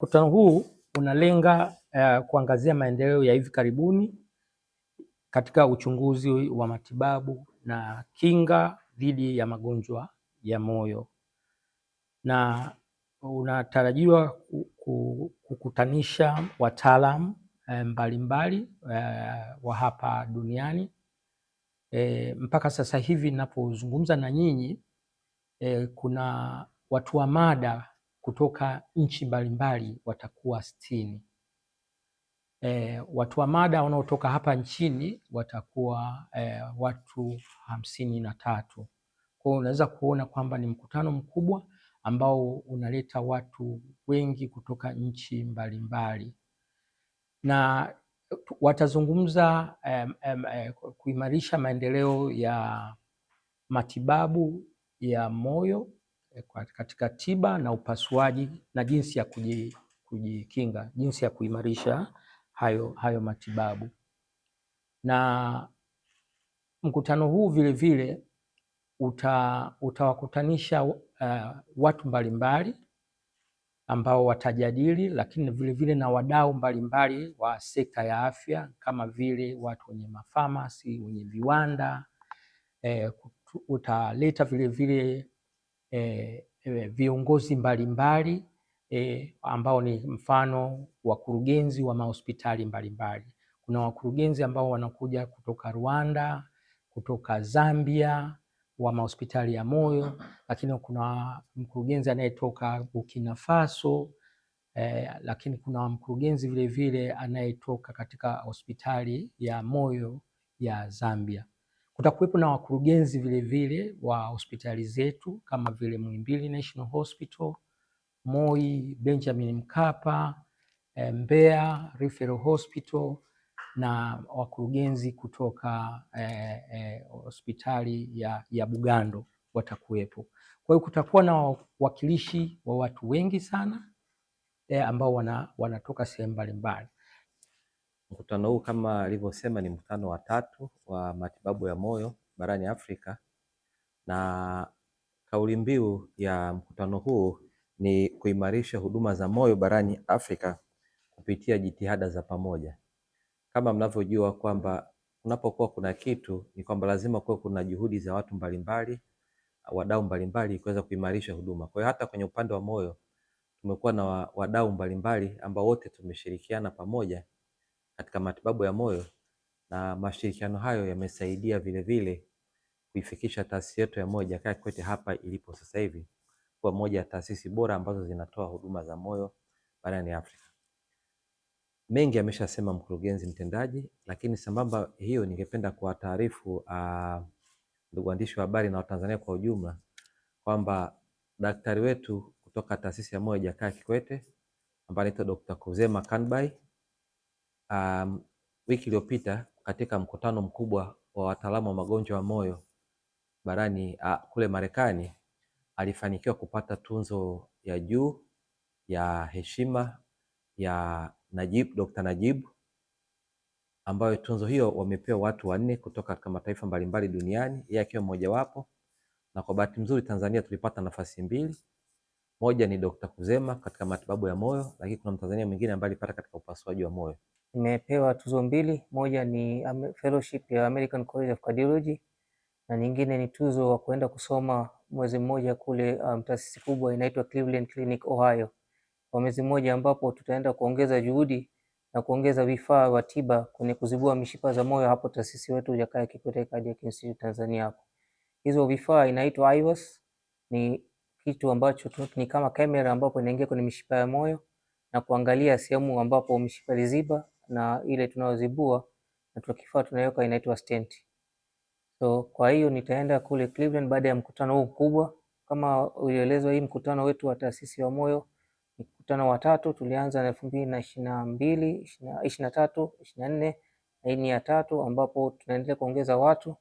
Mkutano huu unalenga uh, kuangazia maendeleo ya hivi karibuni katika uchunguzi wa matibabu na kinga dhidi ya magonjwa ya moyo na unatarajiwa kukutanisha wataalam eh, mbalimbali eh, wa hapa duniani. E, mpaka sasa hivi ninapozungumza na nyinyi e, kuna watu wa mada kutoka nchi mbalimbali watakuwa sitini. E, watu wa mada wanaotoka hapa nchini watakuwa e, watu hamsini na tatu. Kwa hiyo unaweza kuona kwamba ni mkutano mkubwa ambao unaleta watu wengi kutoka nchi mbalimbali na watazungumza um, um, kuimarisha maendeleo ya matibabu ya moyo katika tiba na upasuaji na jinsi ya kujikinga, jinsi ya kuimarisha hayo, hayo matibabu. Na mkutano huu vilevile vile uta, utawakutanisha uh, watu mbalimbali ambao watajadili, lakini vilevile vile na wadau mbalimbali wa sekta ya afya kama vile watu wenye mafamasi, wenye viwanda eh, utaleta vilevile e, e, viongozi mbalimbali e, ambao ni mfano wakurugenzi wa mahospitali mbalimbali. Kuna wakurugenzi ambao wanakuja kutoka Rwanda, kutoka Zambia wa mahospitali ya moyo, lakini kuna mkurugenzi anayetoka Burkina Faso eh, lakini kuna mkurugenzi vilevile anayetoka katika hospitali ya moyo ya Zambia. Kutakuwepo na wakurugenzi vilevile wa hospitali zetu kama vile Muhimbili National Hospital, Moi, Benjamin Mkapa, eh, Mbeya Referral Hospital na wakurugenzi kutoka eh, eh, hospitali ya, ya Bugando watakuwepo. Kwa hiyo kutakuwa na wawakilishi wa watu wengi sana eh, ambao wana, wanatoka sehemu mbalimbali. Mkutano huu kama alivyosema ni mkutano wa tatu wa matibabu ya moyo barani Afrika na kauli mbiu ya mkutano huu ni kuimarisha huduma za moyo barani Afrika kupitia jitihada za pamoja. Kama mnavyojua kwamba unapokuwa kuna kitu ni kwamba lazima kuwe kuna juhudi za watu mbalimbali, wadau mbalimbali kuweza kuimarisha huduma. Kwa hiyo hata kwenye upande wa moyo tumekuwa na wadau mbalimbali ambao wote tumeshirikiana pamoja katika matibabu ya moyo, na mashirikiano hayo yamesaidia vilevile kuifikisha taasisi yetu ya Moyo Jakaya Kikwete hapa ilipo sasa hivi kuwa moja ya taasisi bora ambazo zinatoa huduma za moyo barani Afrika. Mengi ameshasema mkurugenzi mtendaji, lakini sambamba hiyo ningependa kuwataarifu uh, ndugu waandishi wa habari na Watanzania kwa ujumla kwamba daktari wetu kutoka taasisi ya Moyo Jakaya Kikwete ambaye anaitwa Dr. Kuzema Kanbai um, wiki iliyopita katika mkutano mkubwa wa wataalamu wa magonjwa ya moyo barani uh, kule Marekani alifanikiwa kupata tunzo ya juu ya heshima ya Najib, Dr. Najib ambayo tunzo hiyo wamepewa watu wanne kutoka katika mataifa mbalimbali duniani, yeye akiwa mmojawapo. Na kwa bahati nzuri Tanzania tulipata nafasi mbili, moja ni Dr. Kuzema katika matibabu ya moyo, lakini kuna Mtanzania mwingine ambaye alipata katika upasuaji wa moyo imepewa tuzo mbili, moja ni fellowship ya American College of Cardiology na nyingine ni tuzo wa kuenda kusoma mwezi mmoja kule um, taasisi kubwa inaitwa Cleveland Clinic Ohio, kwa mwezi mmoja ambapo tutaenda kuongeza juhudi na kuongeza vifaa vya tiba kwenye kuzibua mishipa za moyo hapo taasisi wetu ya Jakaya Kikwete Cardiac Institute Tanzania hapo. Hizo vifaa inaitwa IVOS, ni kitu ambacho ni kama kamera ambapo inaingia kwenye mishipa ya moyo na kuangalia sehemu ambapo mishipa iliziba na ile tunayozibua na tukifaa tunaweka inaitwa stent. So kwa hiyo nitaenda kule Cleveland baada ya mkutano huu mkubwa. Kama ulielezwa, hii mkutano wetu wa taasisi ya moyo mkutano wa tatu, tulianza na elfu mbili na ishirini na mbili ishirini na tatu ishirini na nne na hii ni ya tatu, ambapo tunaendelea kuongeza watu